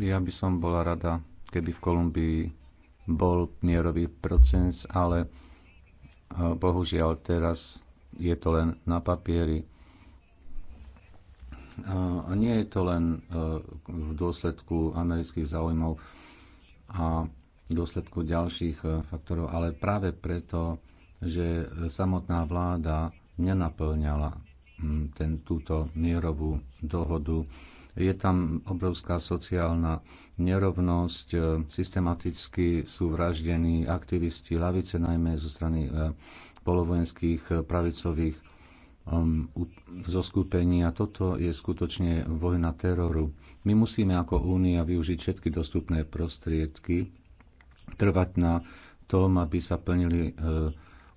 Ja by som bola rada, keby v Kolumbii bol mierový proces, ale eh, bohužiaľ teraz je to len na papieri. Eh, a nie je to len eh, v dôsledku amerických záujmov a v dôsledku ďalších faktorov, ale práve preto, že samotná vláda nenaplňala hm, ten, túto mierovú dohodu je tam obrovská sociálna nerovnosť, e, systematicky sú vraždení aktivisti lavice, najmä zo strany e, polovojenských e, pravicových um, zoskupení a toto je skutočne vojna teroru. My musíme ako Únia využiť všetky dostupné prostriedky, trvať na tom, aby sa plnili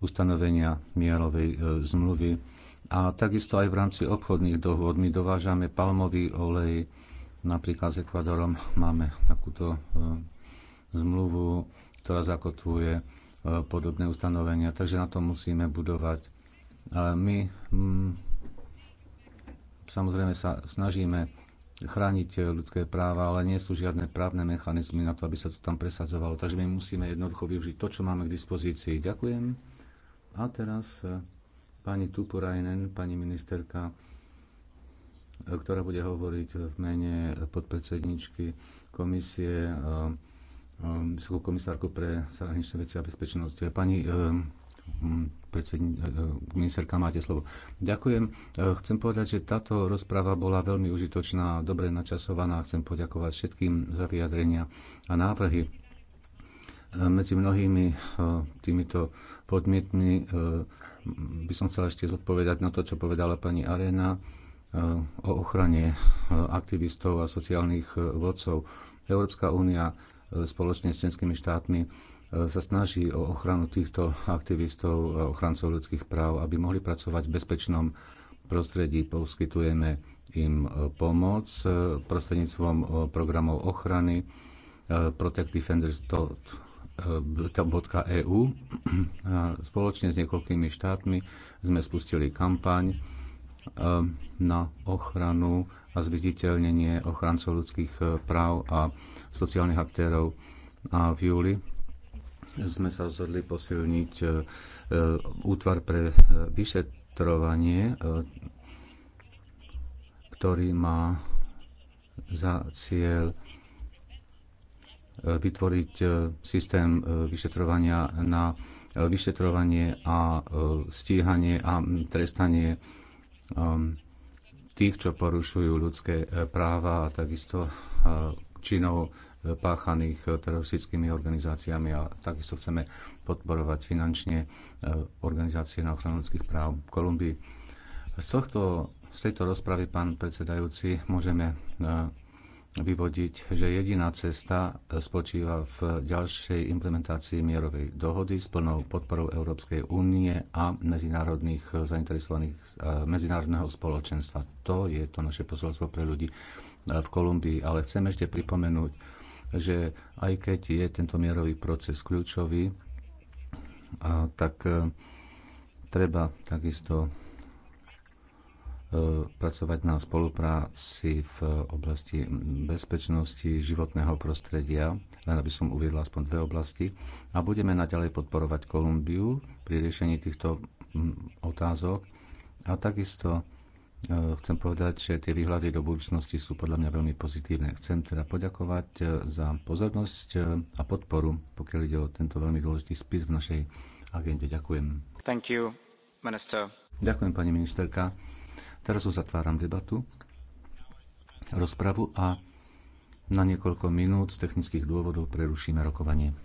ustanovenia mierovej zmluvy a takisto aj v rámci obchodných dohôd my dovážame palmový olej, napríklad s Ekvadorom máme takúto e, zmluvu, ktorá zakotvuje e, podobné ustanovenia, takže na to musíme budovať. My mm, samozrejme sa snažíme chrániť ľudské práva, ale nie sú žiadne právne mechanizmy na to, aby sa to tam presadzovalo. Takže my musíme jednoducho využiť to, čo máme k dispozícii. Ďakujem. A teraz e, pani Tupurainen, pani ministerka, ktorá bude hovoriť v mene podpredsedničky komisie, eh, eh, vysokú komisárku pre zahraničné veci a bezpečnosť. Pani eh, hm, predsedni- ministerka, máte slovo. Ďakujem. Chcem povedať, že táto rozpráva bola veľmi užitočná, dobre načasovaná. Chcem poďakovať všetkým za vyjadrenia a návrhy medzi mnohými e, týmito podmietmi e, by som chcela ešte zodpovedať na to, čo povedala pani Arena e, o ochrane aktivistov a sociálnych vodcov. Európska únia spoločne s členskými štátmi sa snaží o ochranu týchto aktivistov, a ochrancov ľudských práv, aby mohli pracovať v bezpečnom prostredí. Poskytujeme im pomoc prostredníctvom programov ochrany Protect Defenders EU. Spoločne s niekoľkými štátmi sme spustili kampaň e, na ochranu a zviditeľnenie ochrancov ľudských e, práv a sociálnych aktérov. A v júli sme sa rozhodli posilniť e, útvar pre vyšetrovanie, ktorý má za cieľ vytvoriť e, systém e, vyšetrovania na e, vyšetrovanie a stíhanie a trestanie um, tých, čo porušujú ľudské práva a takisto činov páchaných teroristickými organizáciami a takisto chceme podporovať finančne organizácie na ochranu ľudských práv v Kolumbii. Z, tohto, z tejto rozpravy, pán predsedajúci, môžeme vyvodiť, že jediná cesta spočíva v ďalšej implementácii mierovej dohody s plnou podporou Európskej únie a medzinárodných zainteresovaných medzinárodného spoločenstva. To je to naše posolstvo pre ľudí v Kolumbii. Ale chcem ešte pripomenúť, že aj keď je tento mierový proces kľúčový, tak e, treba takisto E, pracovať na spolupráci v oblasti bezpečnosti životného prostredia, len aby som uviedla aspoň dve oblasti. A budeme naďalej podporovať Kolumbiu pri riešení týchto otázok. A takisto e, chcem povedať, že tie výhľady do budúcnosti sú podľa mňa veľmi pozitívne. Chcem teda poďakovať e, za pozornosť a podporu, pokiaľ ide o tento veľmi dôležitý spis v našej agende. Ďakujem. Thank you, minister. Ďakujem, pani ministerka. Teraz uzatváram debatu, rozpravu a na niekoľko minút z technických dôvodov prerušíme rokovanie.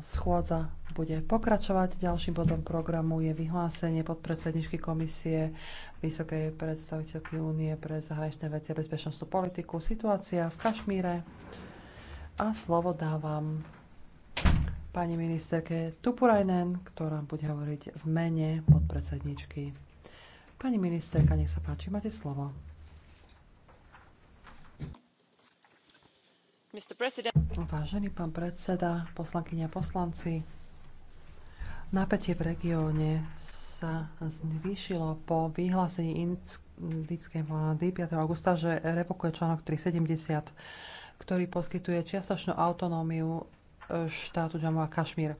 Schôdza bude pokračovať. Ďalším bodom programu je vyhlásenie podpredsedničky komisie Vysokej predstaviteľky únie pre zahraničné veci a bezpečnostnú politiku. Situácia v Kašmíre. A slovo dávam pani ministerke Tupurajnen, ktorá bude hovoriť v mene podpredsedničky. Pani ministerka, nech sa páči, máte slovo. Mr. President. Vážený pán predseda, poslankyňa poslanci, napätie v regióne sa zvýšilo po vyhlásení indickej vlády 5. augusta, že revokuje článok 370, ktorý poskytuje čiastočnú autonómiu e, štátu Jammu a Kašmír.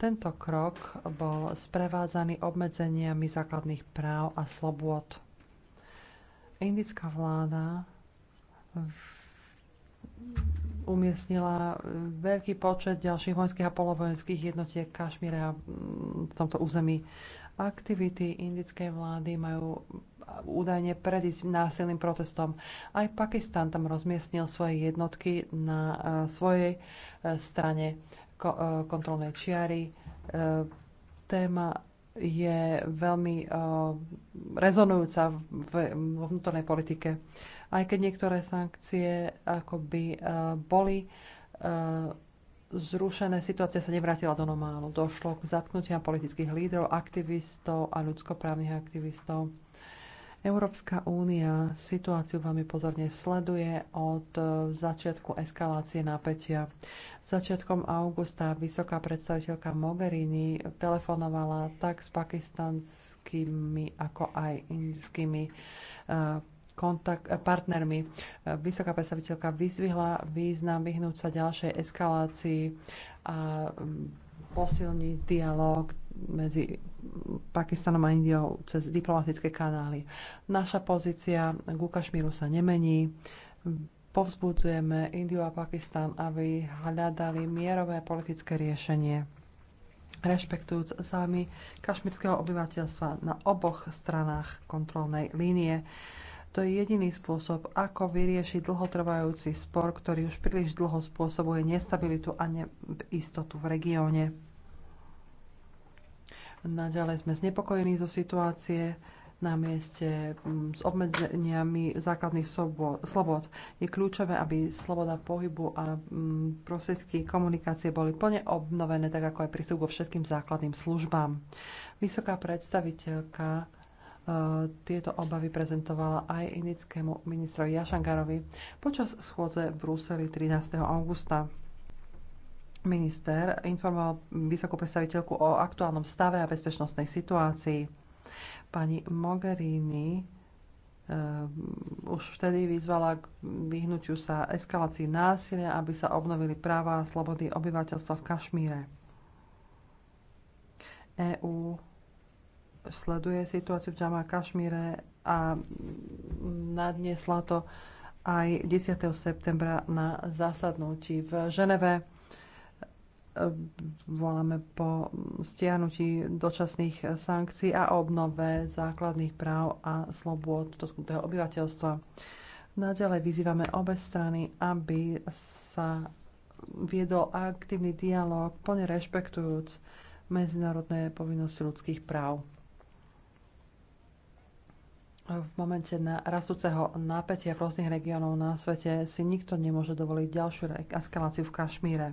Tento krok bol sprevádzaný obmedzeniami základných práv a slobôd. Indická vláda umiestnila e, veľký počet ďalších vojenských a polovojenských jednotiek Kašmíra mm, v tomto území. Aktivity indickej vlády majú e, údajne predísť násilným protestom. Aj Pakistan tam rozmiestnil svoje jednotky na e, svojej strane kontrolnej čiary. Téma je veľmi rezonujúca vo vnútornej politike aj keď niektoré sankcie akoby eh, boli eh, zrušené, situácia sa nevrátila do normálu. Došlo k zatknutiam politických lídrov, aktivistov a ľudskoprávnych aktivistov. Európska únia situáciu veľmi pozorne sleduje od eh, začiatku eskalácie napätia. Začiatkom augusta vysoká predstaviteľka Mogherini telefonovala tak s pakistanskými ako aj indskými kontakt, eh, partnermi. Eh, vysoká predstaviteľka vyzvihla význam vyhnúť sa ďalšej eskalácii a mm, posilniť dialog medzi Pakistanom a Indiou cez diplomatické kanály. Naša pozícia k Kašmíru sa nemení. Povzbudzujeme Indiu a Pakistan, aby hľadali mierové politické riešenie rešpektujúc zájmy kašmírskeho obyvateľstva na oboch stranách kontrolnej línie. To je jediný spôsob, ako vyriešiť dlhotrvajúci spor, ktorý už príliš dlho spôsobuje nestabilitu a neistotu v regióne. Naďalej sme znepokojení zo situácie na mieste mm, s obmedzeniami základných slobod. Je kľúčové, aby sloboda pohybu a mm, prostriedky komunikácie boli plne obnovené, tak ako aj prístup vo všetkým základným službám. Vysoká predstaviteľka tieto obavy prezentovala aj indickému ministrovi Jašankarovi počas schôdze v Bruseli 13. augusta. Minister informoval vysokú predstaviteľku o aktuálnom stave a bezpečnostnej situácii. Pani Mogherini eh, už vtedy vyzvala k vyhnutiu sa eskalácii násilia, aby sa obnovili práva a slobody obyvateľstva v Kašmíre. EU sleduje situáciu v Džama Kašmíre a nadniesla to aj 10. septembra na zasadnutí v Ženeve. Voláme po stiahnutí dočasných sankcií a obnove základných práv a slobôd dotknutého obyvateľstva. Naďalej vyzývame obe strany, aby sa viedol aktívny dialog, plne rešpektujúc medzinárodné povinnosti ľudských práv v momente na rastúceho napätia v rôznych regiónov na svete si nikto nemôže dovoliť ďalšiu eskaláciu v Kašmíre.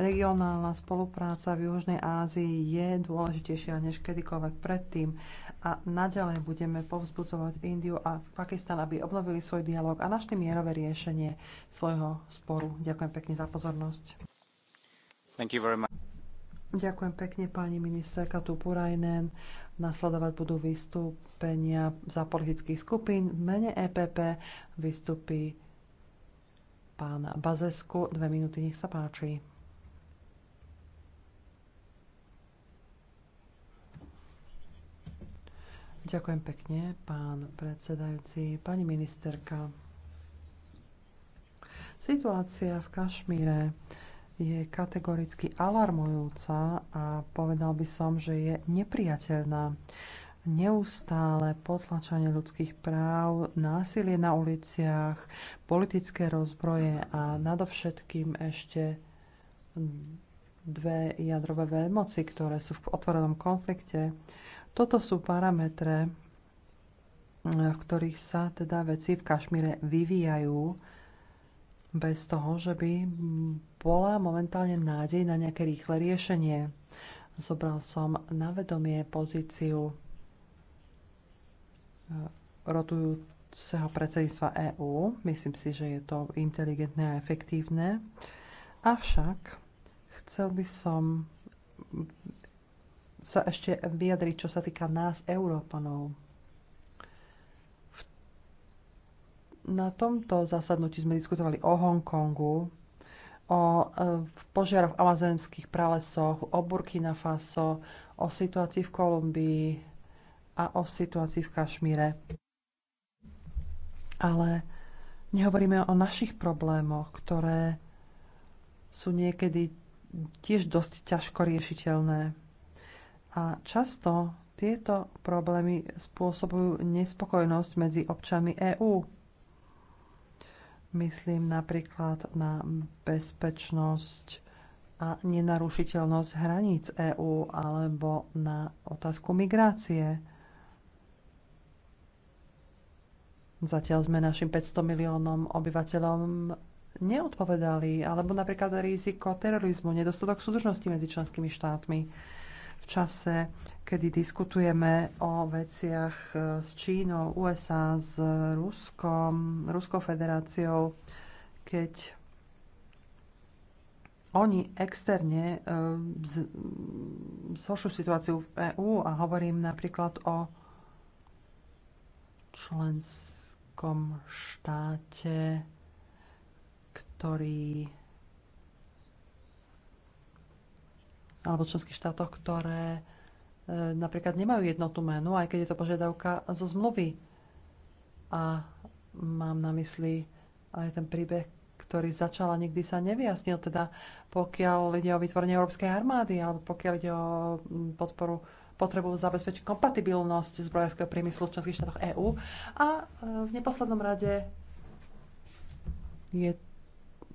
Regionálna spolupráca v Južnej Ázii je dôležitejšia než kedykoľvek predtým a naďalej budeme povzbudzovať Indiu a Pakistan, aby obnovili svoj dialog a našli mierové riešenie svojho sporu. Ďakujem pekne za pozornosť. Thank you very much. Ďakujem pekne pani ministerka Tupurajnen. Nasledovať budú vystúpenia za politických skupín. V mene EPP vystúpi pán Bazesku. Dve minúty, nech sa páči. Ďakujem pekne, pán predsedajúci, pani ministerka. Situácia v Kašmíre je kategoricky alarmujúca a povedal by som, že je nepriateľná. Neustále potlačanie ľudských práv, násilie na uliciach, politické rozbroje a nadovšetkým ešte dve jadrové veľmoci, ktoré sú v otvorenom konflikte. Toto sú parametre, v ktorých sa teda veci v Kašmíre vyvíjajú bez toho, že by bola momentálne nádej na nejaké rýchle riešenie. Zobral som na vedomie pozíciu eh, rotujúceho predsedníctva EÚ. Myslím si, že je to inteligentné a efektívne. Avšak chcel by som sa ešte vyjadriť, čo sa týka nás, Európanov Na tomto zasadnutí sme diskutovali o Hongkongu, o e, požiaroch v amazonských pralesoch, o Burkina Faso, o situácii v Kolumbii a o situácii v Kašmíre. Ale nehovoríme o našich problémoch, ktoré sú niekedy tiež dosť ťažko riešiteľné. A často tieto problémy spôsobujú nespokojnosť medzi občanmi EÚ. Myslím napríklad na bezpečnosť a nenarušiteľnosť hraníc EÚ alebo na otázku migrácie. Zatiaľ sme našim 500 miliónom obyvateľom neodpovedali, alebo napríklad riziko terorizmu, nedostatok súdržnosti medzi členskými štátmi čase, kedy diskutujeme o veciach eh, s Čínou, USA, s Ruskom, Ruskou federáciou, keď oni externe eh, zhoršujú situáciu v EÚ a hovorím napríklad o členskom štáte, ktorý alebo členských štátoch, ktoré e, napríklad nemajú jednotnú menu, aj keď je to požiadavka zo zmluvy. A mám na mysli aj ten príbeh, ktorý začal a nikdy sa nevyjasnil, teda pokiaľ ide o vytvorenie Európskej armády alebo pokiaľ ide o podporu potrebu zabezpečiť kompatibilnosť zbrojárskeho priemyslu v členských štátoch EÚ. A e, v neposlednom rade je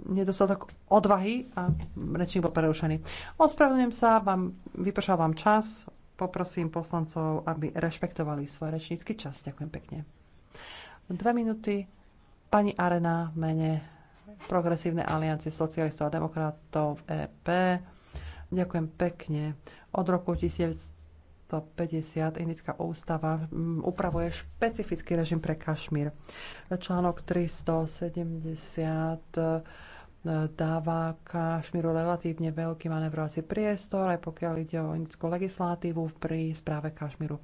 nedostatok odvahy a rečník bol prerušený. Ospravedlňujem sa, vám, vypršal vám čas, poprosím poslancov, aby rešpektovali svoj rečnícky čas. Ďakujem pekne. Dve minúty. Pani Arena v mene Progresívne aliancie socialistov a demokratov EP. Ďakujem pekne. Od roku 19 150 indická ústava upravuje špecifický režim pre Kašmír. Článok 370 dáva Kašmíru relatívne veľký manevrovací priestor, aj pokiaľ ide o indickú legislatívu pri správe Kašmíru.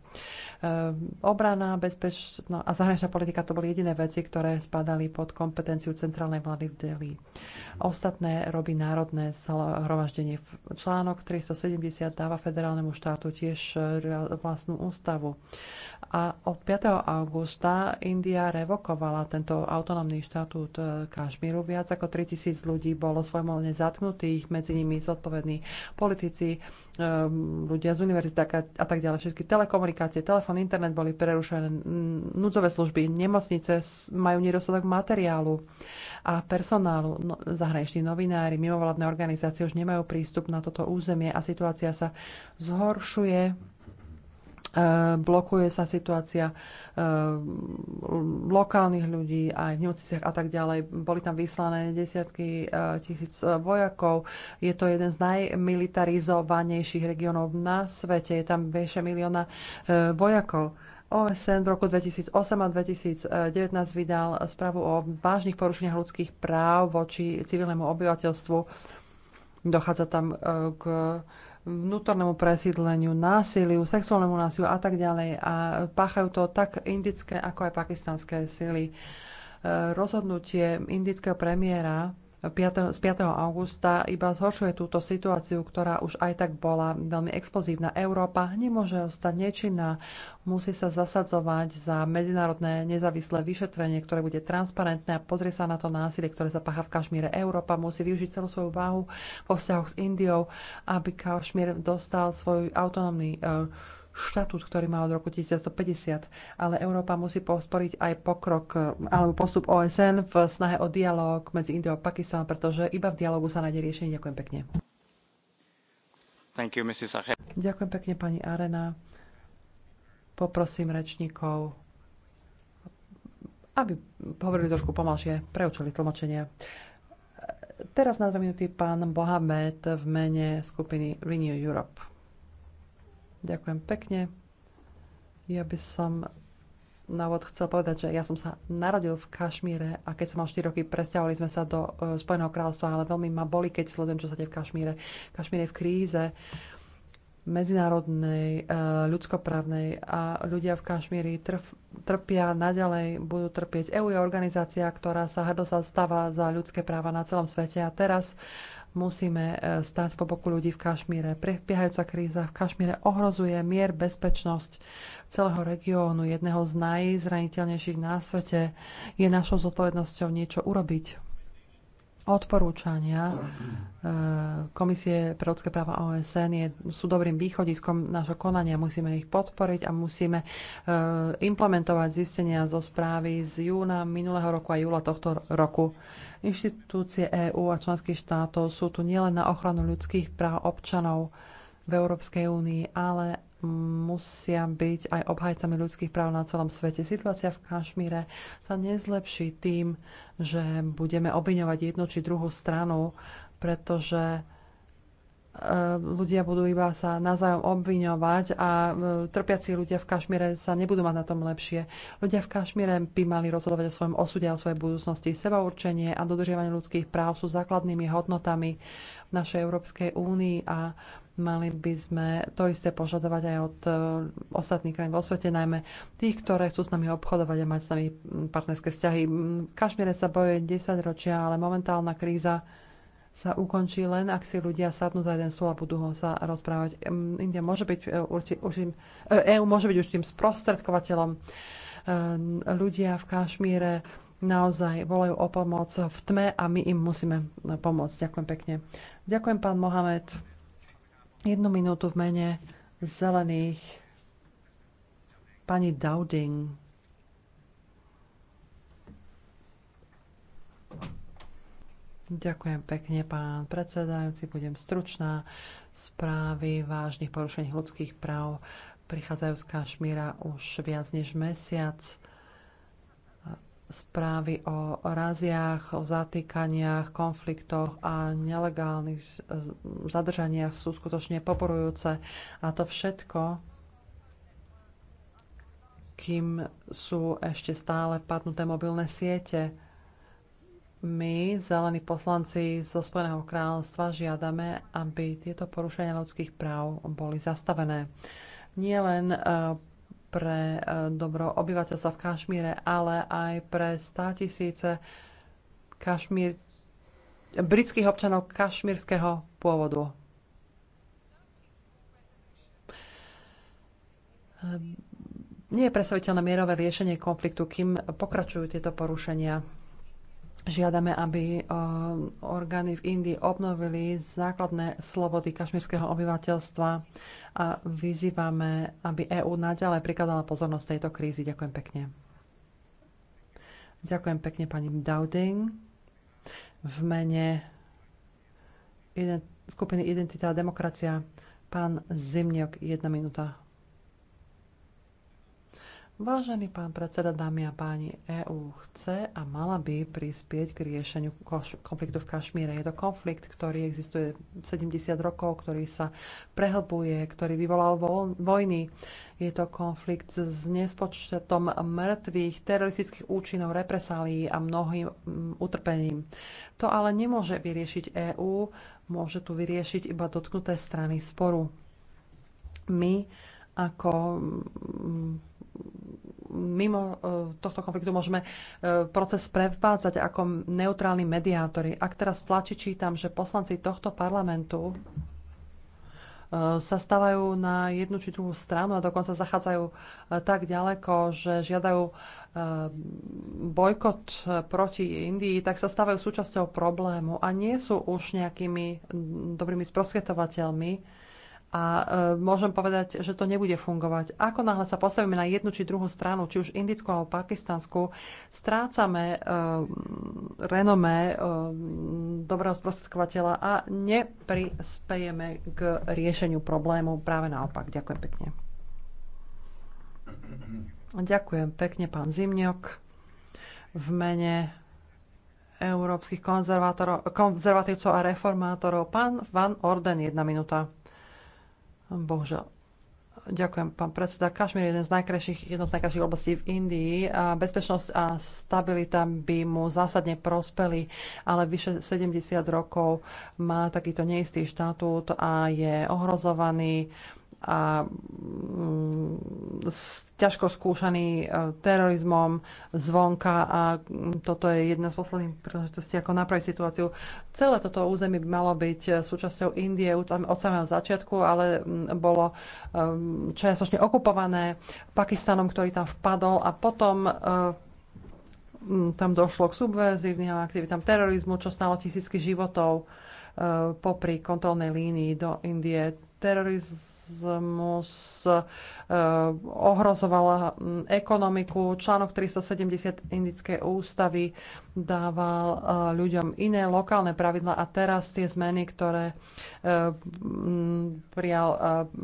Ehm, obrana, bezpečná a zahraničná politika to boli jediné veci, ktoré spadali pod kompetenciu centrálnej vlády v Delhi. Ostatné robí národné zhromaždenie. Článok 370 dáva federálnemu štátu tiež e, vlastnú ústavu. A od 5. augusta India revokovala tento autonómny štatút e, Kašmíru. Viac ako 3000 ľudí bolo svojvoľne zatknutých, medzi nimi zodpovední politici, ehm, ľudia z univerzity a tak ďalej. Všetky telekomunikácie, telefón, internet boli prerušené, núdzové služby, nemocnice majú nedostatok materiálu a personálu. No, zahraniční novinári, mimovládne organizácie už nemajú prístup na toto územie a situácia sa zhoršuje Eh, blokuje sa situácia eh, lokálnych ľudí aj v nemocniciach a tak ďalej. Boli tam vyslané desiatky eh, tisíc vojakov. Je to jeden z najmilitarizovanejších regiónov na svete. Je tam vyše milióna vojakov. OSN v roku 2008 a 2019 vydal správu o vážnych porušeniach ľudských práv voči civilnému obyvateľstvu. Dochádza tam k vnútornému presídleniu, násiliu, sexuálnemu násiliu a tak ďalej. A páchajú to tak indické, ako aj pakistanské sily. E, rozhodnutie indického premiéra 5, z 5. augusta iba zhoršuje túto situáciu, ktorá už aj tak bola veľmi explozívna. Európa nemôže ostať nečinná, musí sa zasadzovať za medzinárodné nezávislé vyšetrenie, ktoré bude transparentné a pozrie sa na to násilie, ktoré sa v Kašmíre. Európa musí využiť celú svoju váhu vo vzťahoch s Indiou, aby Kašmír dostal svoj autonómny uh, štatút, ktorý má od roku 1950, ale Európa musí posporiť aj pokrok eh, alebo postup OSN v snahe o dialog medzi Indiou a Pakistanom, pretože iba v dialogu sa nájde riešenie. Ďakujem pekne. Thank you, Mrs. Ďakujem pekne, pani Arena. Poprosím rečníkov, aby hovorili trošku pomalšie, preučili tlmočenia. Teraz na dve minúty pán Bohamed v mene skupiny Renew Europe. Ďakujem pekne. Ja by som na úvod chcel povedať, že ja som sa narodil v Kašmíre a keď som mal 4 roky, presťahovali sme sa do e, Spojeného kráľovstva, ale veľmi ma boli, keď sledujem, čo sa deje v Kašmíre. Kašmír je v kríze medzinárodnej, e, ľudskoprávnej a ľudia v Kašmíri trf, trpia, naďalej budú trpieť. EU je organizácia, ktorá sa hrdo stáva za ľudské práva na celom svete a teraz Musíme e, stať po boku ľudí v Kašmíre. Prebiehajúca kríza v Kašmíre ohrozuje mier, bezpečnosť celého regiónu, jedného z najzraniteľnejších na svete. Je našou zodpovednosťou niečo urobiť odporúčania e, Komisie pre ľudské práva OSN je, sú dobrým východiskom nášho konania. Musíme ich podporiť a musíme e, implementovať zistenia zo správy z júna minulého roku a júla tohto roku. Inštitúcie EÚ a členských štátov sú tu nielen na ochranu ľudských práv občanov v Európskej únii, ale musia byť aj obhajcami ľudských práv na celom svete. Situácia v Kašmíre sa nezlepší tým, že budeme obviňovať jednu či druhú stranu, pretože E, ľudia budú iba sa navzájom obviňovať a e, trpiaci ľudia v Kašmíre sa nebudú mať na tom lepšie. Ľudia v Kašmíre by mali rozhodovať o svojom osude a o svojej budúcnosti. Sebaurčenie a dodržiavanie ľudských práv sú základnými hodnotami v našej Európskej únii a mali by sme to isté požadovať aj od e, ostatných krajín vo svete, najmä tých, ktoré chcú s nami obchodovať a mať s nami partnerské vzťahy. V Kašmíre sa boje 10 ročia, ale momentálna kríza sa ukončí len, ak si ľudia sadnú za jeden stôl a budú ho sa rozprávať. India môže byť e, určitým, EU e môže byť určitým sprostredkovateľom. Ľudia v Kašmíre naozaj volajú o pomoc v tme a my im musíme e, pomôcť. Ďakujem pekne. Ďakujem, pán Mohamed. Jednu minútu v mene zelených. Pani Dowding. Ďakujem pekne, pán predsedajúci. Budem stručná. Správy vážnych porušení ľudských práv prichádzajú z Kašmíra už viac než mesiac. Správy o raziach, o zatýkaniach, konfliktoch a nelegálnych eh, zadržaniach sú skutočne poporujúce. A to všetko, kým sú ešte stále padnuté mobilné siete my, zelení poslanci zo Spojeného kráľovstva, žiadame, aby tieto porušenia ľudských práv boli zastavené. Nie len e, pre e, dobro obyvateľstva v Kašmíre, ale aj pre 100 tisíce kašmír, britských občanov kašmírskeho pôvodu. E, nie je predstaviteľné mierové riešenie konfliktu, kým pokračujú tieto porušenia Žiadame, aby eh, orgány v Indii obnovili základné slobody kašmírskeho obyvateľstva a vyzývame, aby EÚ naďalej prikladala pozornosť tejto krízy. Ďakujem pekne. Ďakujem pekne pani Dowding. V mene skupiny Identita a demokracia pán Zimniok, jedna minúta. Vážený pán predseda, dámy a páni, EÚ chce a mala by prispieť k riešeniu konfliktu v Kašmíre. Je to konflikt, ktorý existuje 70 rokov, ktorý sa prehlbuje, ktorý vyvolal vojny. Je to konflikt s nespočtom mŕtvych, teroristických účinov, represálií a mnohým mm, utrpením. To ale nemôže vyriešiť EÚ, môže tu vyriešiť iba dotknuté strany sporu. My ako mm, mimo e, tohto konfliktu môžeme e, proces prevádzať ako neutrálni mediátori. Ak teraz v tlači čítam, že poslanci tohto parlamentu e, sa stávajú na jednu či druhú stranu a dokonca zachádzajú tak ďaleko, že žiadajú bojkot proti Indii, tak sa stávajú súčasťou problému a nie sú už nejakými dobrými sprosvetovateľmi a e, môžem povedať, že to nebude fungovať. Ako náhle sa postavíme na jednu či druhú stranu, či už indickú alebo pakistanskú, strácame e, renomé e, dobrého sprostredkovateľa a neprispejeme k riešeniu problému. Práve naopak. Ďakujem pekne. Ďakujem pekne, pán Zimňok. V mene európskych konzervatívcov a reformátorov, pán Van Orden, jedna minúta. Bohužiaľ. Ďakujem, pán predseda. Kašmír je jeden z najkrajších, jedno z najkrajších oblastí v Indii. A bezpečnosť a stabilita by mu zásadne prospeli, ale vyše 70 rokov má takýto neistý štatút a je ohrozovaný a mm, ťažko skúšaný e, terorizmom zvonka a mm, toto je jedna z posledných príležitostí, ako napraviť situáciu. Celé toto územie by malo byť e, súčasťou Indie od samého začiatku, ale mm, bolo e, čiastočne okupované Pakistanom, ktorý tam vpadol a potom tam došlo k subverzívnym aktivitám terorizmu, čo stalo tisícky životov popri kontrolnej línii do Indie terorizmus eh, ohrozovala hm, ekonomiku. Článok 370 indickej ústavy dával eh, ľuďom iné lokálne pravidla a teraz tie zmeny, ktoré eh, hm, prijal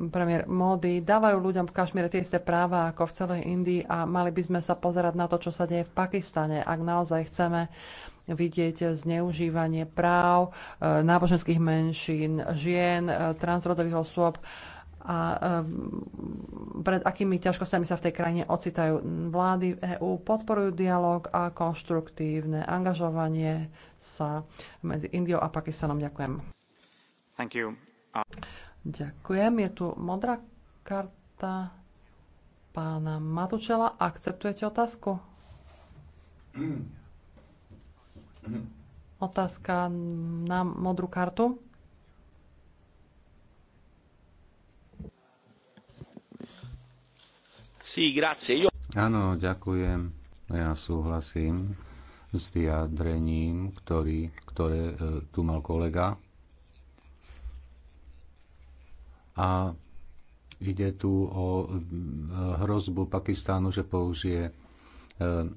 premiér Modi, dávajú ľuďom v Kašmíre tie isté práva ako v celej Indii a mali by sme sa pozerať na to, čo sa deje v Pakistane, ak naozaj chceme vidieť zneužívanie práv e, náboženských menšín, žien, e, transrodových osôb a e, pred akými ťažkosťami sa v tej krajine ocitajú. Vlády v EÚ podporujú dialog a konštruktívne angažovanie sa medzi Indiou a Pakistanom. Ďakujem. Thank you. Ďakujem. Je tu modrá karta pána Matučela. Akceptujete otázku? Mhm. Otázka na modrú kartu. Sí, grazie. Áno, ďakujem. Ja súhlasím s vyjadrením, ktorý, ktoré e, tu mal kolega. A ide tu o e, hrozbu Pakistánu, že použije e,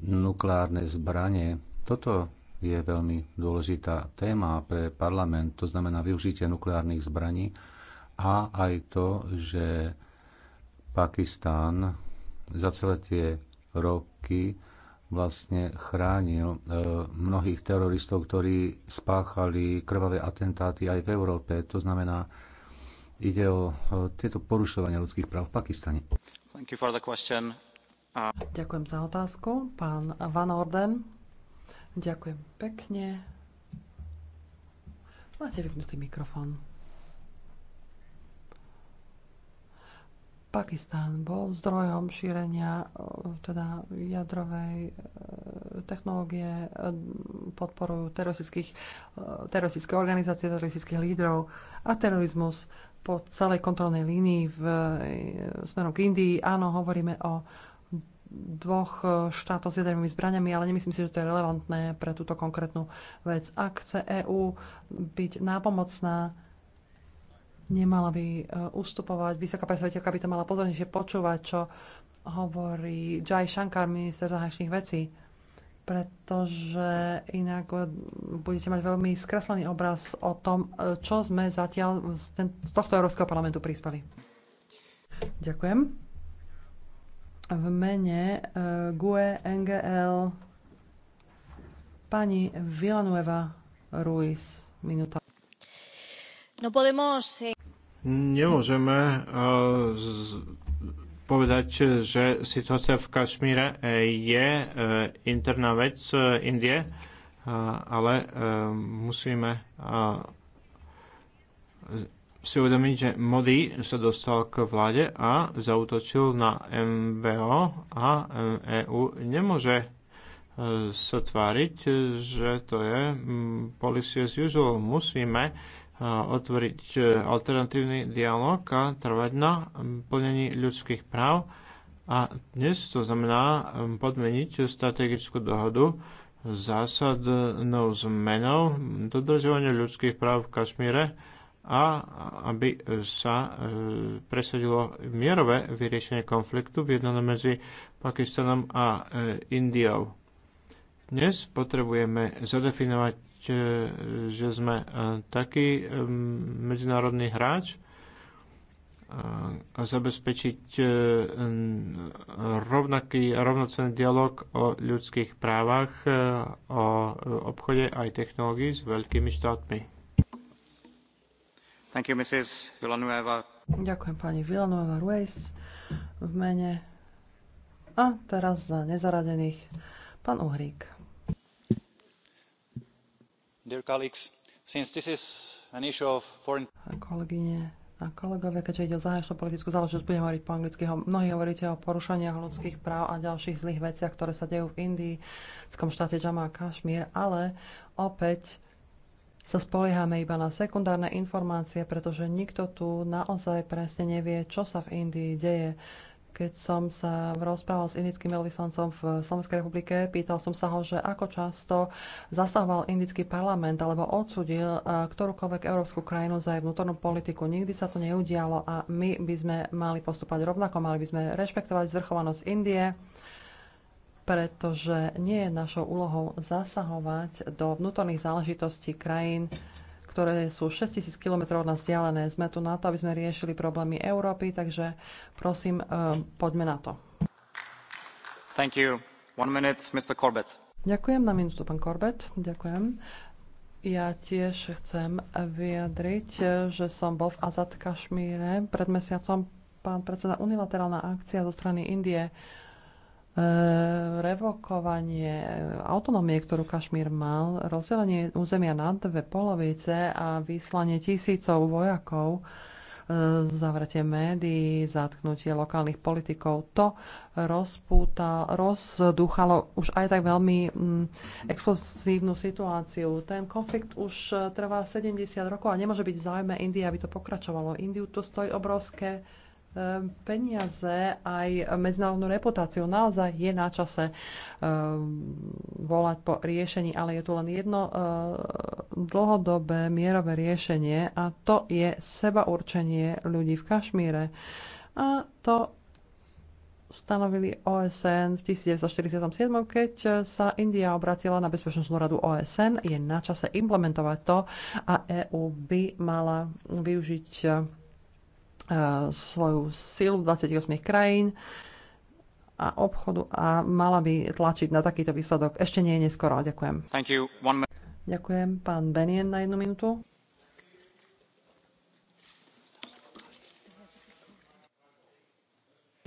nukleárne zbranie. Toto je veľmi dôležitá téma pre parlament, to znamená využitie nukleárnych zbraní a aj to, že Pakistán za celé tie roky vlastne chránil e, mnohých teroristov, ktorí spáchali krvavé atentáty aj v Európe. To znamená, ide o e, tieto porušovania ľudských práv v Pakistane. Uh, Ďakujem za otázku. Pán Van Orden. Ďakujem pekne. Máte vypnutý mikrofón. Pakistán bol zdrojom šírenia e, teda jadrovej e, technológie, e, podporu teroristických, teroristické organizácie, teroristických lídrov a terorizmus po celej kontrolnej línii v, smerom k Indii. Áno, hovoríme o dvoch e, štátov s jadernými zbraniami, ale nemyslím si, že to je relevantné pre túto konkrétnu vec. Ak chce EÚ byť nápomocná, nemala by e, ustupovať. Vysoká predstaviteľka by to mala pozornejšie počúvať, čo hovorí Jai Shankar, minister zahraničných vecí, pretože inak e, budete mať veľmi skreslený obraz o tom, čo sme zatiaľ z, tohto Európskeho parlamentu prispeli. Ďakujem v mene uh, GUE NGL pani Villanueva Ruiz. Minuta. No podemos... Eh, Nemôžeme uh, z, povedať, že situácia v Kašmíre e, je uh, interná vec uh, Indie, uh, ale uh, musíme uh, si uvedomiť, že Modi sa dostal k vláde a zautočil na MBO a EU e nemôže e, sa tváriť, že to je policy as usual. Musíme e, otvoriť alternatívny dialog a trvať na plnení ľudských práv. A dnes to znamená podmeniť strategickú dohodu zásadnou zmenou dodržovania ľudských práv v Kašmíre a aby sa e, presadilo mierové vyriešenie konfliktu jednom medzi Pakistanom a e, Indiou. Dnes potrebujeme zadefinovať, e, že sme taký medzinárodný hráč a zabezpečiť rovnaký a rovnocenný dialog o ľudských právach, o obchode aj technológií s veľkými štátmi. You, Ďakujem pani Villanueva Ruiz v mene. A teraz za nezaradených pán Uhrík. Dear colleagues, since this is an issue of foreign... kolegyne a kolegovia, keďže ide o zahraničnú politickú záležitosť, budem hovoriť po anglicky. Mnohí hovoríte o porušeniach ľudských práv a ďalších zlých veciach, ktoré sa dejú v Indii, v štáte Jama a Kašmír, ale opäť sa spoliehame iba na sekundárne informácie, pretože nikto tu naozaj presne nevie, čo sa v Indii deje. Keď som sa rozprával s indickým veľvyslancom v Slovenskej republike, pýtal som sa ho, že ako často zasahoval indický parlament alebo odsudil eh, ktorúkoľvek európsku krajinu za jej vnútornú politiku. Nikdy sa to neudialo a my by sme mali postupovať rovnako, mali by sme rešpektovať zvrchovanosť Indie pretože nie je našou úlohou zasahovať do vnútorných záležitostí krajín, ktoré sú 6000 km od nás vzdialené. Sme tu na to, aby sme riešili problémy Európy, takže prosím, e, poďme na to. Thank you. One minute, Mr. Corbett. Ďakujem na minútu, pán Corbett. Ďakujem. Ja tiež chcem vyjadriť, že som bol v Azad Kašmíre pred mesiacom pán predseda unilaterálna akcia zo strany Indie Ehm, revokovanie ehm, autonómie, ktorú Kašmír mal, rozdelenie územia na dve polovice a vyslanie tisícov vojakov, ehm, zavretie médií, zatknutie lokálnych politikov, to rozpúta, rozduchalo už aj tak veľmi mm, explozívnu situáciu. Ten konflikt už e, trvá 70 rokov a nemôže byť v záujme Indie, aby to pokračovalo. Indiu to stojí obrovské Ehm, peniaze aj medzinárodnú reputáciu. Naozaj je na čase ehm, volať po riešení, ale je tu len jedno ehm, dlhodobé mierové riešenie a to je seba určenie ľudí v Kašmíre. A to stanovili OSN v 1947, keď sa India obratila na Bezpečnostnú radu OSN. Je na čase implementovať to a EU by mala využiť svoju silu 28 krajín a obchodu a mala by tlačiť na takýto výsledok. Ešte nie je neskoro. Ďakujem. One... Ďakujem. Pán Benien na jednu minútu.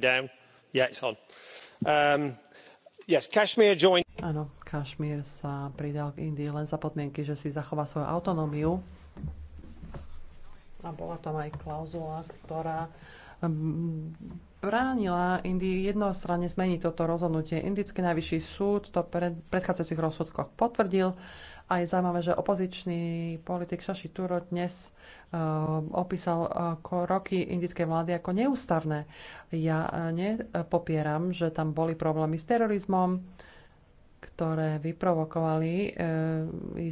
Yeah, um, yes, joined... Áno, Kašmír sa pridal k Indii len za podmienky, že si zachová svoju autonómiu a bola tam aj klauzula, ktorá mm, bránila Indii jednostranne zmeniť toto rozhodnutie. Indický najvyšší súd to pred predchádzajúcich rozsudkoch potvrdil a je zaujímavé, že opozičný politik Šaši Turo dnes uh, opísal uh, roky indickej vlády ako neústavné. Ja uh, nepopieram, že tam boli problémy s terorizmom, ktoré vyprovokovali uh,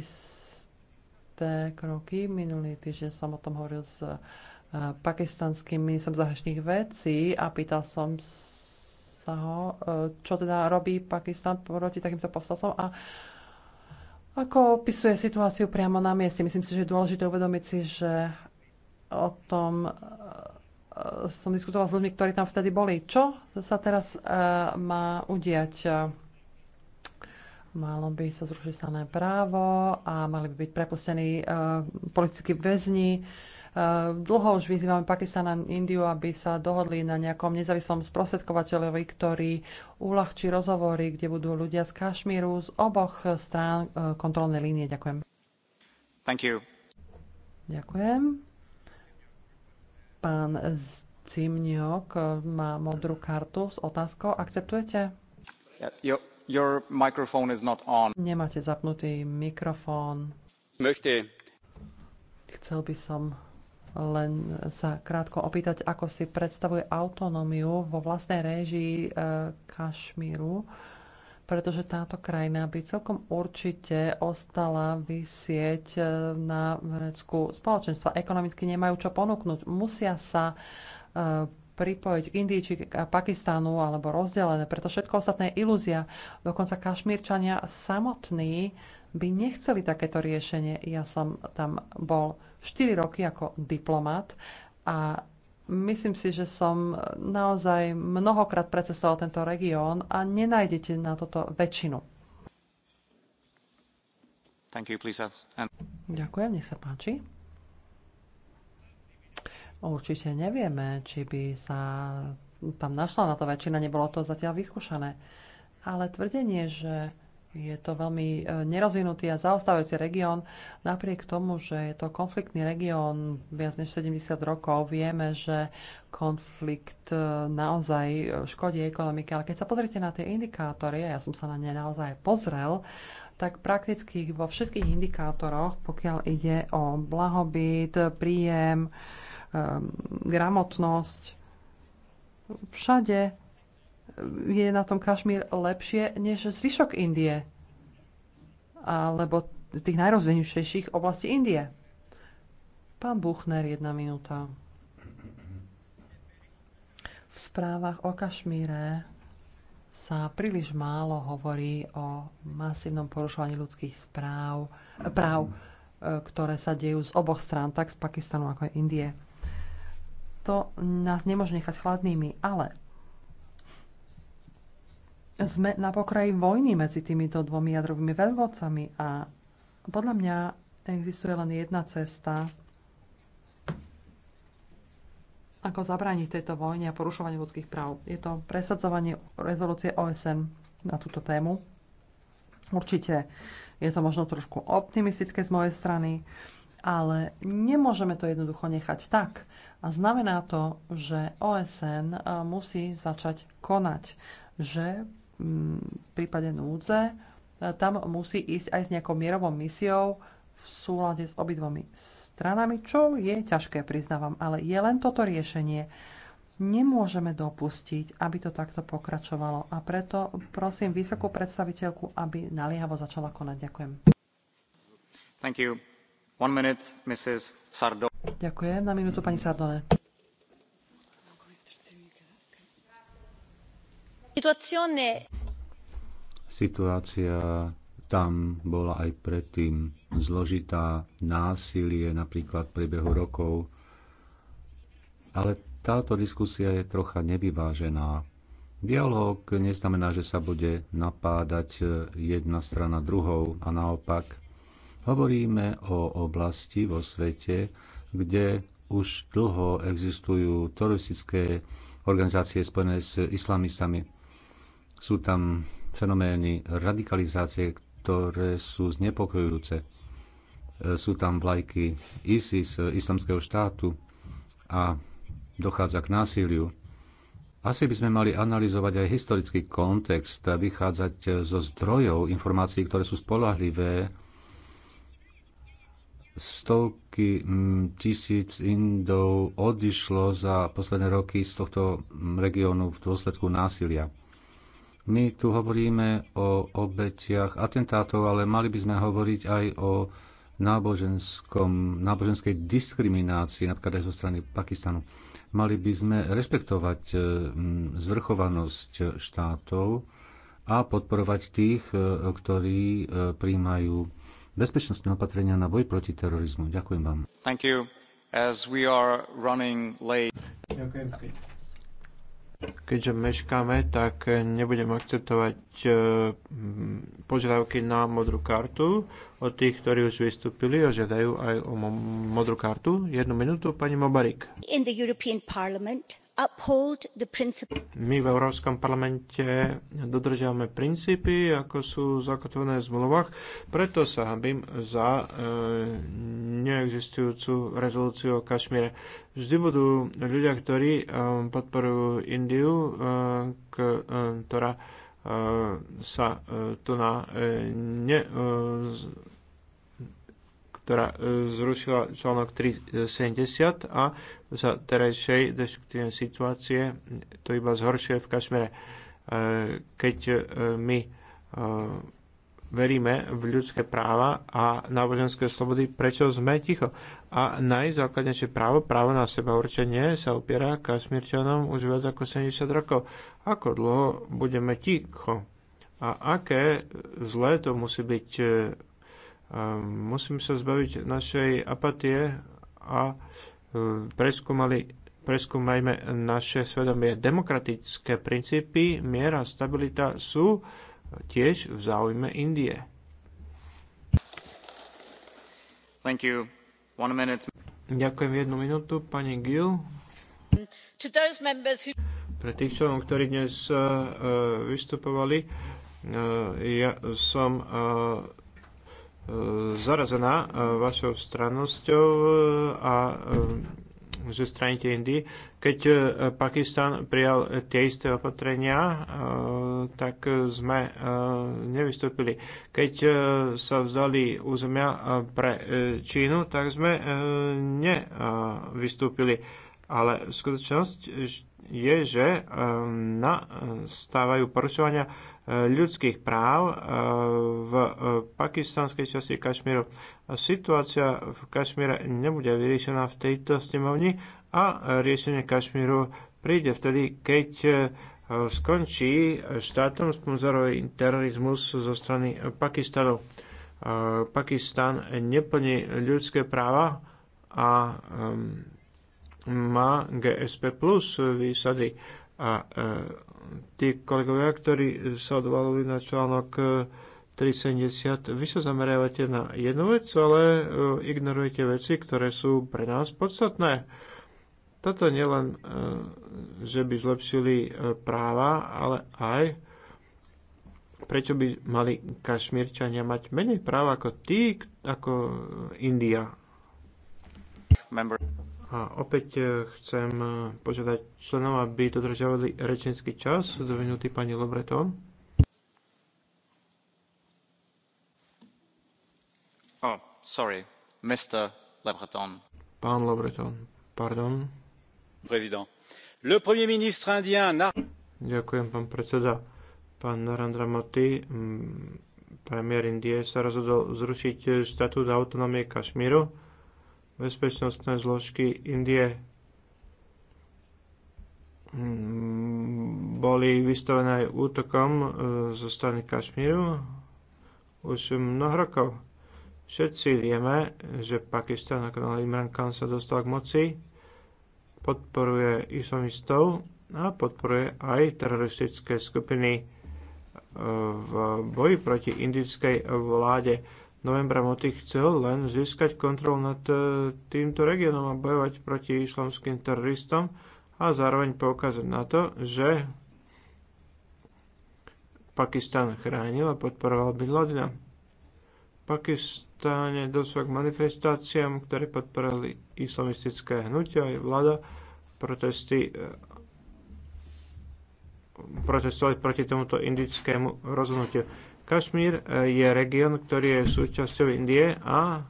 dôležité kroky. Minulý týždeň som o tom hovoril s eh, pakistanským ministrom zahraničných vecí a pýtal som sa ho, eh, čo teda robí Pakistan proti takýmto povstalcom a ako opisuje situáciu priamo na mieste. Myslím si, že je dôležité uvedomiť si, že o tom eh, som diskutoval s ľuďmi, ktorí tam vtedy boli. Čo sa teraz má udiať? Malo by sa zrušiť stané právo a mali by byť prepustení e, politickí väzni. E, dlho už vyzývame Pakistan a Indiu, aby sa dohodli na nejakom nezávislom sprostredkovateľovi, ktorý uľahčí rozhovory, kde budú ľudia z Kašmíru z oboch strán e, kontrolnej línie. Ďakujem. Thank you. Ďakujem. Pán Cimniok má modrú kartu s otázkou. Akceptujete? Yeah, your microphone is not on. Nemáte zapnutý mikrofón. Möchte. Chcel by som len sa krátko opýtať, ako si predstavuje autonómiu vo vlastnej réžii e, Kašmíru, pretože táto krajina by celkom určite ostala vysieť e, na vrecku spoločenstva. Ekonomicky nemajú čo ponúknuť. Musia sa e, pripojiť k Indii či k Pakistánu alebo rozdelené, preto všetko ostatné je ilúzia. Dokonca kašmírčania samotní by nechceli takéto riešenie. Ja som tam bol 4 roky ako diplomat a myslím si, že som naozaj mnohokrát precestoval tento región a nenájdete na toto väčšinu. Thank you, please. And... Ďakujem, nech sa páči. Určite nevieme, či by sa tam našla na to väčšina, nebolo to zatiaľ vyskúšané. Ale tvrdenie, že je to veľmi e, nerozvinutý a zaostávajúci región. Napriek tomu, že je to konfliktný región viac než 70 rokov, vieme, že konflikt e, naozaj e, škodí ekonomike. Ale keď sa pozrite na tie indikátory, a ja som sa na ne naozaj pozrel, tak prakticky vo všetkých indikátoroch, pokiaľ ide o blahobyt, príjem, Ehm, gramotnosť. Všade je na tom Kašmír lepšie než zvyšok Indie alebo z tých najrozvinutejších oblastí Indie. Pán Buchner, jedna minúta. V správach o Kašmíre sa príliš málo hovorí o masívnom porušovaní ľudských správ, práv, e, ktoré sa dejú z oboch strán, tak z Pakistanu ako aj Indie to nás nemôže nechať chladnými, ale sme na pokraji vojny medzi týmito dvomi jadrovými veľmocami a podľa mňa existuje len jedna cesta, ako zabrániť tejto vojne a porušovanie ľudských práv. Je to presadzovanie rezolúcie OSN na túto tému. Určite je to možno trošku optimistické z mojej strany, ale nemôžeme to jednoducho nechať tak. A znamená to, že OSN e, musí začať konať, že mm, v prípade núdze e, tam musí ísť aj s nejakou mierovou misiou v súlade s obidvomi stranami, čo je ťažké, priznávam, ale je len toto riešenie. Nemôžeme dopustiť, aby to takto pokračovalo a preto prosím vysokú predstaviteľku, aby naliehavo začala konať. Ďakujem. Thank you. Ďakujem. Na pani Sardone. Situácia tam bola aj predtým zložitá násilie napríklad v priebehu rokov. Ale táto diskusia je trocha nevyvážená. Dialóg neznamená, že sa bude napádať jedna strana druhou a naopak Hovoríme o oblasti vo svete, kde už dlho existujú teroristické organizácie spojené s islamistami. Sú tam fenomény radikalizácie, ktoré sú znepokojujúce. Sú tam vlajky ISIS, islamského štátu a dochádza k násiliu. Asi by sme mali analyzovať aj historický kontext a vychádzať zo zdrojov informácií, ktoré sú spolahlivé stovky mm, tisíc Indov odišlo za posledné roky z tohto mm, regiónu v dôsledku násilia. My tu hovoríme o obetiach atentátov, ale mali by sme hovoriť aj o náboženskom, náboženskej diskriminácii, napríklad aj zo strany Pakistanu. Mali by sme rešpektovať e, mm, zvrchovanosť štátov a podporovať tých, e, ktorí e, príjmajú bezpečnostné opatrenia na boj proti terorizmu. Ďakujem vám. Thank you. As we are running late. Ďakujem. Keďže meškáme, tak nebudem akceptovať eh, požiadavky na modrú kartu od tých, ktorí už vystúpili a žiadajú aj o modrú kartu. Jednu minútu, pani Mobarik. In the European Parliament my v Európskom parlamente dodržiavame princípy, ako sú zakotvené v zmluvách, preto sa hambím za e, neexistujúcu rezolúciu o Kašmíre. Vždy budú ľudia, ktorí e, podporujú Indiu, e, k, e, ktorá e, sa e, tu na e, ne, e, ktorá e, zrušila článok 370 a za terajšej destruktívnej situácie to iba zhoršuje v Kašmere. E, keď e, my veríme v ľudské práva a náboženské slobody, prečo sme ticho? A najzákladnejšie právo, právo na seba určenie sa opiera kašmírčanom už viac ako 70 rokov. Ako dlho budeme ticho? A aké zlé to musí byť musíme sa zbaviť našej apatie a e, preskúmali preskúmajme naše svedomie. Demokratické princípy, miera, stabilita sú tiež v záujme Indie. Thank you. One minute. Ďakujem jednu minútu, pani Gill. Pre tých členov, ktorí dnes uh, vystupovali, uh, ja som uh, E, zarazená e, vašou strannosťou e, a že stranite Indii. Keď Pakistan prijal tie isté opatrenia, tak sme nevystúpili. Keď sa vzdali územia pre Čínu, tak sme nevystúpili ale skutočnosť je, že ehm, nastávajú e, porušovania e, ľudských práv e, v pakistanskej časti Kašmíru. Situácia v Kašmíre nebude vyriešená v tejto snemovni a riešenie Kašmíru príde vtedy, keď skončí štátom sponzorový terorizmus zo strany Pakistanu. Pakistan neplní ľudské práva a um, má GSP plus výsady a e, tí kolegovia, ktorí sa odvalili na článok 370, e, vy sa zameriavate na jednu vec, ale e, ignorujete veci, ktoré sú pre nás podstatné. Toto nielen, že by zlepšili práva, ale aj prečo by mali kašmírčania mať menej práva ako tí, ako India. Member. A opäť e, chcem e, požiadať členov, aby dodržiavali rečnícky čas, dve minúty pani Lobreto. Oh, sorry, Mr. Lebreton. Pán Lebreton, pardon. Prezident. Le premier ministre indien... Ďakujem, pán predseda. Pán Narendra Moti, premiér Indie, sa rozhodol zrušiť štatút autonómie Kašmíru bezpečnostné zložky Indie mm, boli vystavené aj útokom e, zo strany Kašmíru už mnoho rokov. Všetci vieme, že Pakistan, ako Imran Khan sa dostal k moci, podporuje islamistov a podporuje aj teroristické skupiny e, v boji proti indickej vláde novembra Moty chcel len získať kontrolu nad e, týmto regiónom a bojovať proti islamským teroristom a zároveň poukázať na to, že Pakistan chránil a podporoval Bin Ladina. V Pakistáne došlo k manifestáciám, ktoré podporili islamistické hnutia aj vláda. Protesty e, protestovali proti tomuto indickému rozhodnutiu Kašmír e, je región, ktorý je súčasťou Indie a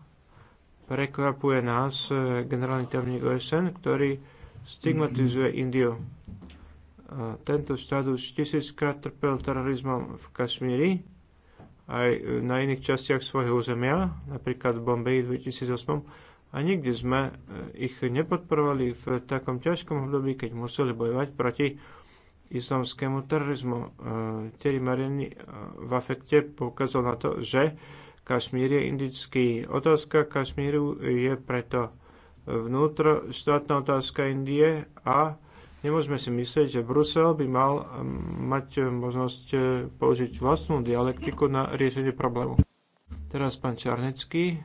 prekvapuje nás e, generálny tajomník OSN, ktorý stigmatizuje Indiu. E, tento štát už tisíckrát trpel terorizmom v Kašmíri, aj na iných častiach svojho územia, napríklad v Bombeji v 2008, a nikdy sme ich nepodporovali v takom ťažkom období, keď museli bojovať proti islamskému terorizmu. E, Terry Marini e, v afekte poukázal na to, že Kašmír je indický. Otázka Kašmíru je preto vnútroštátna otázka Indie a nemôžeme si myslieť, že Brusel by mal e, mať možnosť použiť vlastnú dialektiku na riešenie problému. Teraz pán Čarnecký.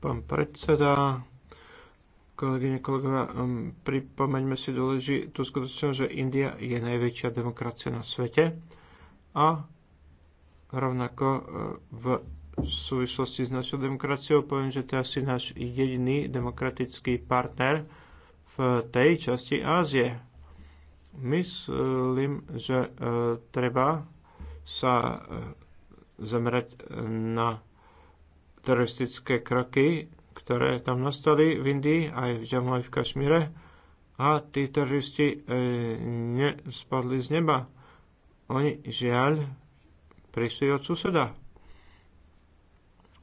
Pán predseda, Kolegyne, kolegovia, um, pripomeňme si dôležitú skutočnosť, že India je najväčšia demokracia na svete a rovnako uh, v súvislosti s našou demokraciou poviem, že to je asi náš jediný demokratický partner v tej časti Ázie. Myslím, že uh, treba sa uh, zamerať na teroristické kroky ktoré tam nastali v Indii, aj v Džamu, v Kašmíre. A tí teroristi e, nespadli z neba. Oni žiaľ prišli od suseda.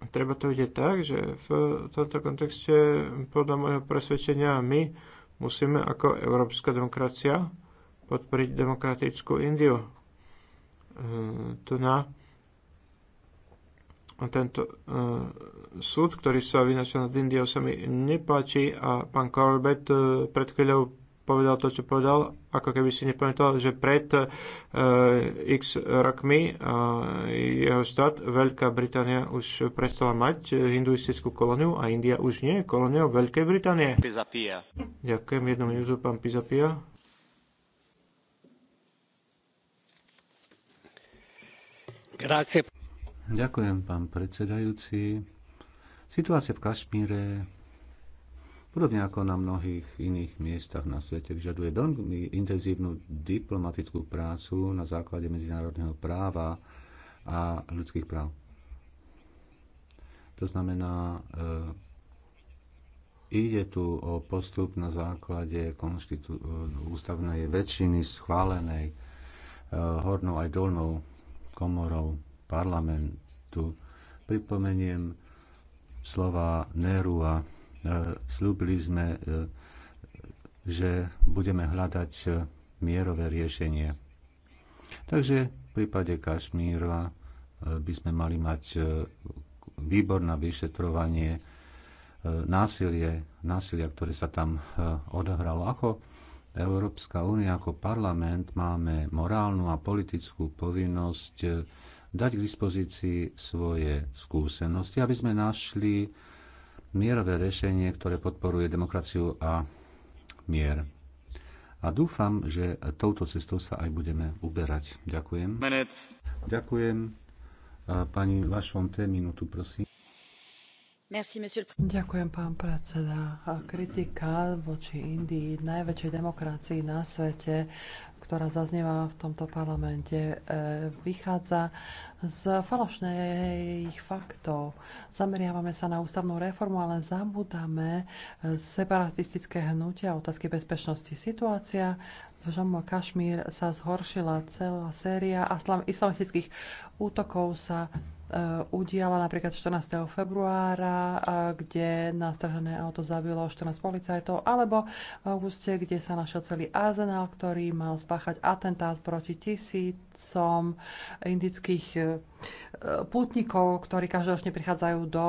Treba to vidieť tak, že v tomto kontexte podľa môjho presvedčenia my musíme ako európska demokracia podporiť demokratickú Indiu. E, tu na tento uh, súd, ktorý sa vynačil nad Indiou, sa mi nepáči a pán Corbett uh, eh, pred chvíľou povedal to, čo povedal, ako keby si nepamätal, že pred uh, x rokmi uh, jeho štát, Veľká Británia, už prestala mať hinduistickú kolóniu a India už nie je kolóniou Veľkej Británie. Pizapia. Ďakujem jednu minútu, pán Pizapia. Grazie. Ďakujem, pán predsedajúci. Situácia v Kašmíre, podobne ako na mnohých iných miestach na svete, vyžaduje veľmi intenzívnu diplomatickú prácu na základe medzinárodného práva a ľudských práv. To znamená, e, Ide tu o postup na základe konštitu- ústavnej väčšiny schválenej e, hornou aj dolnou komorou parlamentu. Pripomeniem slova Nerua. E, slúbili sme, e, že budeme hľadať e, mierové riešenie. Takže v prípade Kašmíra by sme mali mať výbor na vyšetrovanie násilie, násilia, ktoré sa tam odohralo. Ako Európska únia, ako parlament máme morálnu a politickú povinnosť dať k dispozícii svoje skúsenosti, aby sme našli mierové riešenie, ktoré podporuje demokraciu a mier. A dúfam, že touto cestou sa aj budeme uberať. Ďakujem. Menec. Ďakujem. Pani té minútu prosím. Ďakujem, pán predseda. Kritika voči Indii, najväčšej demokracii na svete, ktorá zaznieva v tomto parlamente, e, vychádza z falošných faktov. Zameriavame sa na ústavnú reformu, ale zabudáme e, separatistické hnutia a otázky bezpečnosti. Situácia v Žammu Kašmír sa zhoršila celá séria a islamistických útokov sa Eh, udiala napríklad 14. februára, eh, kde nastrhané auto zabilo 14 policajtov, alebo eh, v auguste, kde sa našiel celý arzenál, ktorý mal spáchať atentát proti tisícom indických putníkov, ktorí každoročne prichádzajú do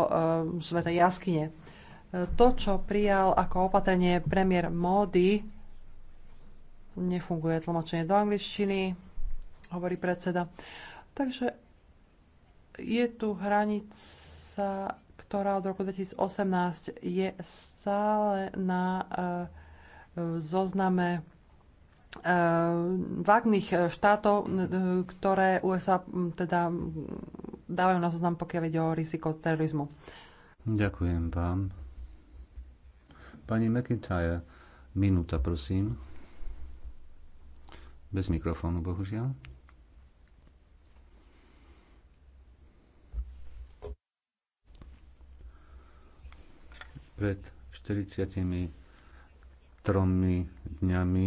Svetej jaskyne. To, čo prijal ako opatrenie premiér Modi, nefunguje tlmočenie do angličtiny, hovorí predseda. Takže je tu hranica, ktorá od roku 2018 je stále na eh, zozname eh, vágných štátov, eh, ktoré USA hm, teda dávajú na zoznam, pokiaľ ide o riziko terorizmu. Ďakujem vám. Pani McIntyre, minúta prosím. Bez mikrofónu, bohužiaľ. Pred 43 dňami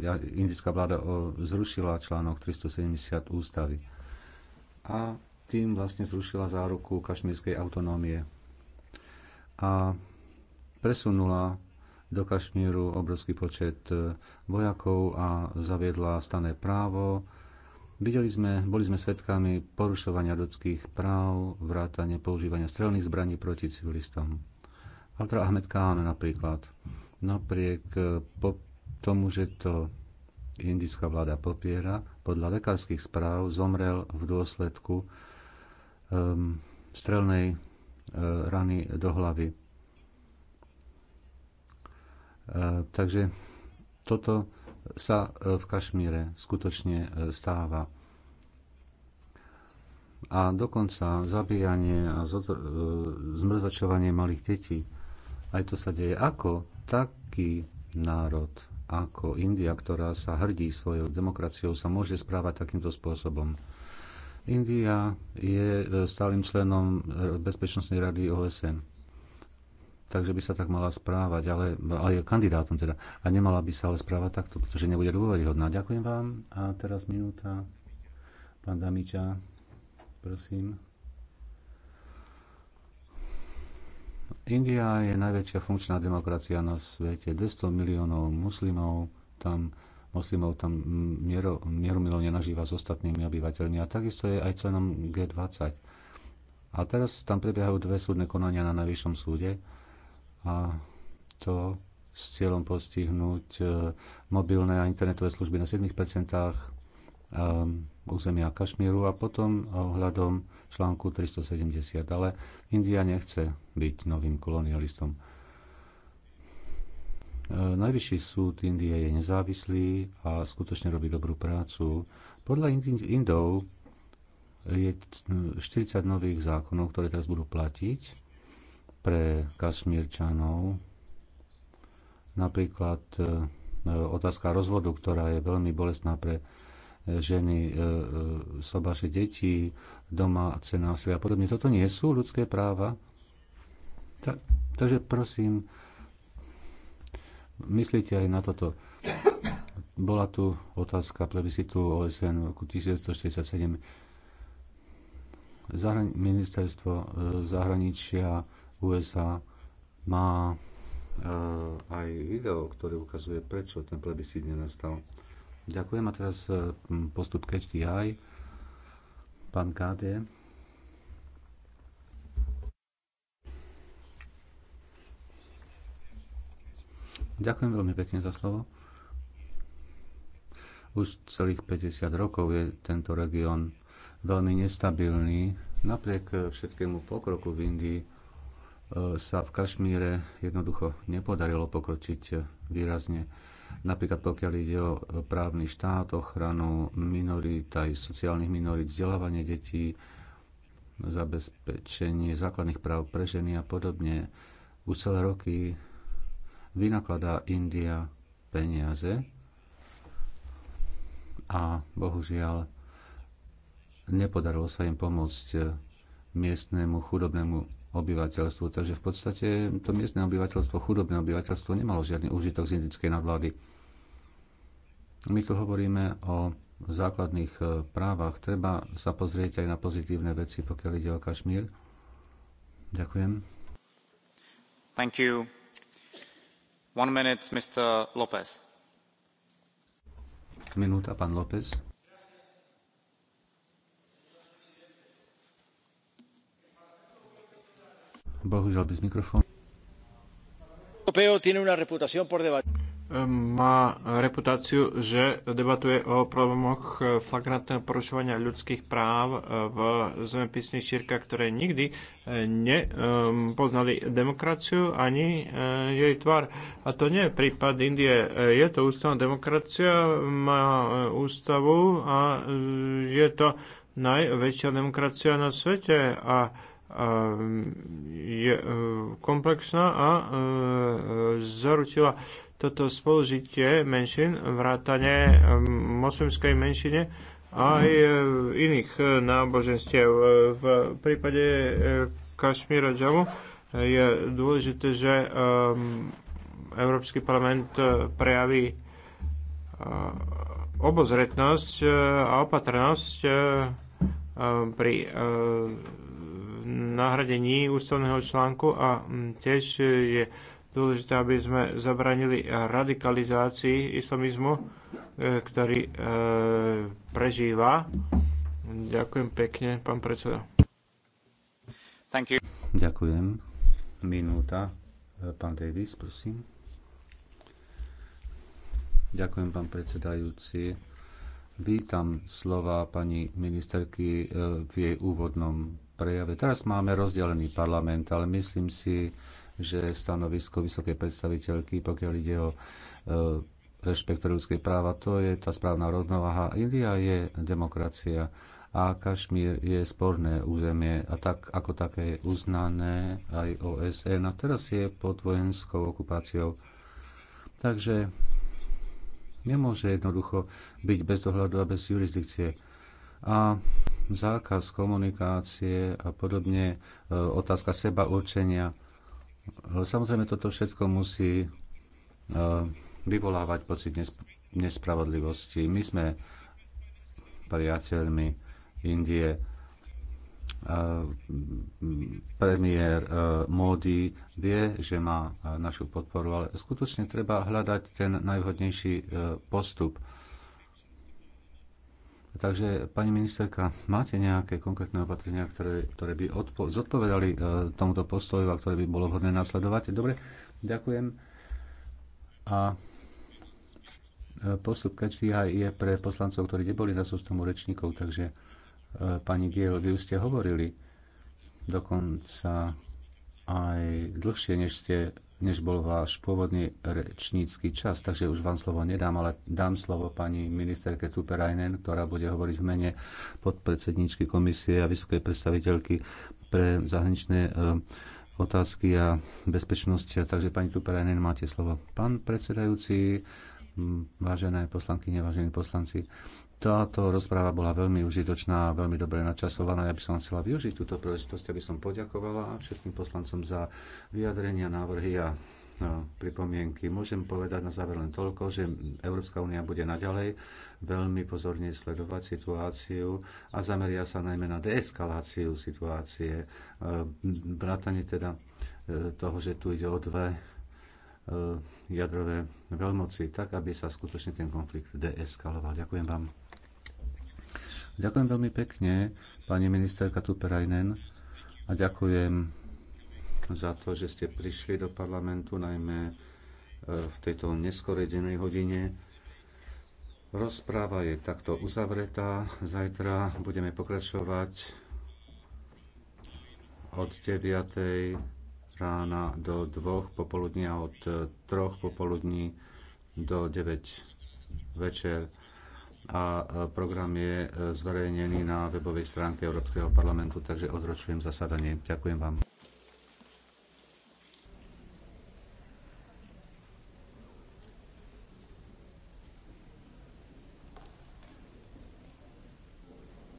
e, indická vláda e, zrušila článok 370 ústavy a tým vlastne zrušila záruku kašmírskej autonómie a presunula do Kašmíru obrovský počet e, vojakov a zaviedla stané právo. Videli sme, boli sme svedkami porušovania ľudských práv, vrátane používania strelných zbraní proti civilistom. Abdel Ahmed Khan napríklad. Napriek eh, po tomu, že to indická vláda popiera, podľa lekárskych správ zomrel v dôsledku um, strelnej uh, rany do hlavy. Uh, takže toto sa v Kašmíre skutočne stáva. A dokonca zabíjanie a zmrzačovanie malých detí aj to sa deje ako taký národ, ako India, ktorá sa hrdí svojou demokraciou, sa môže správať takýmto spôsobom. India je e, stálym členom Bezpečnostnej rady OSN. Takže by sa tak mala správať, ale, ale je kandidátom teda. A nemala by sa ale správať takto, pretože nebude dôveryhodná. Ďakujem vám. A teraz minúta. Pán Damiča, prosím. India je najväčšia funkčná demokracia na svete. 200 miliónov muslimov tam moslimov tam miero, mierumilovne nažíva s ostatnými obyvateľmi a takisto je aj členom G20. A teraz tam prebiehajú dve súdne konania na najvyššom súde a to s cieľom postihnúť eh, mobilné a internetové služby na 7% Um, územia Kašmíru a potom ohľadom článku 370. Ale India nechce byť novým kolonialistom. E, najvyšší súd Indie je nezávislý a skutočne robí dobrú prácu. Podľa Indov je 40 nových zákonov, ktoré teraz budú platiť pre kašmírčanov. Napríklad e, otázka rozvodu, ktorá je veľmi bolestná pre ženy, e, e, sobaže deti, domáce násilia a podobne. Toto nie sú ľudské práva. Ta, takže prosím, myslíte aj na toto. Bola tu otázka plebiscitu OSN v roku 1947. Zahrani- ministerstvo e, zahraničia USA má aj video, ktoré ukazuje, prečo ten plebiscit nenastal. Ďakujem a teraz e, postup KHDI. Pán Káde. Ďakujem veľmi pekne za slovo. Už celých 50 rokov je tento región veľmi nestabilný. Napriek e, všetkému pokroku v Indii e, sa v Kašmíre jednoducho nepodarilo pokročiť výrazne napríklad pokiaľ ide o právny štát, ochranu minorít, aj sociálnych minorít, vzdelávanie detí, zabezpečenie základných práv pre ženy a podobne. Už celé roky vynakladá India peniaze a bohužiaľ nepodarilo sa im pomôcť miestnemu chudobnému obyvateľstvu. Takže v podstate to miestne obyvateľstvo, chudobné obyvateľstvo nemalo žiadny užitok z indickej nadvlády. My tu hovoríme o základných e, právach. Treba sa pozrieť aj na pozitívne veci, pokiaľ ide o Kašmír. Ďakujem. Thank you. One minute, Mr. López. Minúta, pán López Bohužiaľ bez mikrofónu. Má reputáciu, že debatuje o problémoch eh, flagrantného porušovania ľudských práv eh, v zemepisných šírkach, ktoré nikdy eh, nepoznali demokraciu ani jej tvar. A to nie je prípad Indie. Je to ústavná demokracia, má ústavu a je to najväčšia demokracia na svete. A Ehm, je ehm, komplexná a ehm, zaručila toto spolužitie menšin, vrátane moslimskej menšine a aj iných náboženstiev. V prípade Kašmíra Džamu je dôležité, že Európsky parlament prejaví obozretnosť a opatrnosť pri nahradení ústavného článku a mm, tiež e, je dôležité, aby sme zabranili radikalizácii islamizmu, e, ktorý e, prežíva. Ďakujem pekne, pán predseda. Thank you. Ďakujem. Minúta. Pán Davis, prosím. Ďakujem, pán predsedajúci. Vítam slova pani ministerky v jej úvodnom prejave. Teraz máme rozdelený parlament, ale myslím si, že stanovisko vysokej predstaviteľky, pokiaľ ide o e, rešpekt pre ľudské práva, to je tá správna rovnováha. India je demokracia a Kašmír je sporné územie a tak ako také je uznané aj OSN a teraz je pod vojenskou okupáciou. Takže nemôže jednoducho byť bez dohľadu a bez jurisdikcie. A zákaz komunikácie a podobne, e, otázka seba určenia. Samozrejme, toto všetko musí e, vyvolávať pocit nespravodlivosti. My sme priateľmi Indie. E, premiér Modi vie, že má našu podporu, ale skutočne treba hľadať ten najvhodnejší postup Takže, pani ministerka, máte nejaké konkrétne opatrenia, ktoré, ktoré by odpo- zodpovedali e, tomuto postoju a ktoré by bolo vhodné nasledovať? Dobre, ďakujem. A e, postup KHDI je pre poslancov, ktorí neboli na sústomu rečníkov, takže e, pani Giel, vy už ste hovorili dokonca aj dlhšie, než ste než bol váš pôvodný rečnícky čas, takže už vám slovo nedám, ale dám slovo pani ministerke Tuperajnen, ktorá bude hovoriť v mene podpredsedničky komisie a vysokej predstaviteľky pre zahraničné e, otázky a bezpečnosť. Takže pani Tuperajnen, máte slovo. Pán predsedajúci, vážené poslanky, nevážení poslanci, táto rozpráva bola veľmi užitočná, a veľmi dobre načasovaná. Ja by som chcela využiť túto príležitosť, aby som poďakovala všetkým poslancom za vyjadrenia, návrhy a pripomienky. Môžem povedať na záver len toľko, že Európska únia bude naďalej veľmi pozorne sledovať situáciu a zameria sa najmä na deeskaláciu situácie, e, vrátanie teda e, toho, že tu ide o dve e, jadrové veľmoci, tak aby sa skutočne ten konflikt deeskaloval. Ďakujem vám. Ďakujem veľmi pekne, pani ministerka Tuperajnen, a ďakujem za to, že ste prišli do parlamentu, najmä e, v tejto neskorej dennej hodine. Rozpráva je takto uzavretá. Zajtra budeme pokračovať od 9. rána do 2. popoludní a od 3. popoludní do 9. večer a e, program je e, zverejnený na webovej stránke Európskeho parlamentu, takže odročujem zasadanie. Ďakujem vám.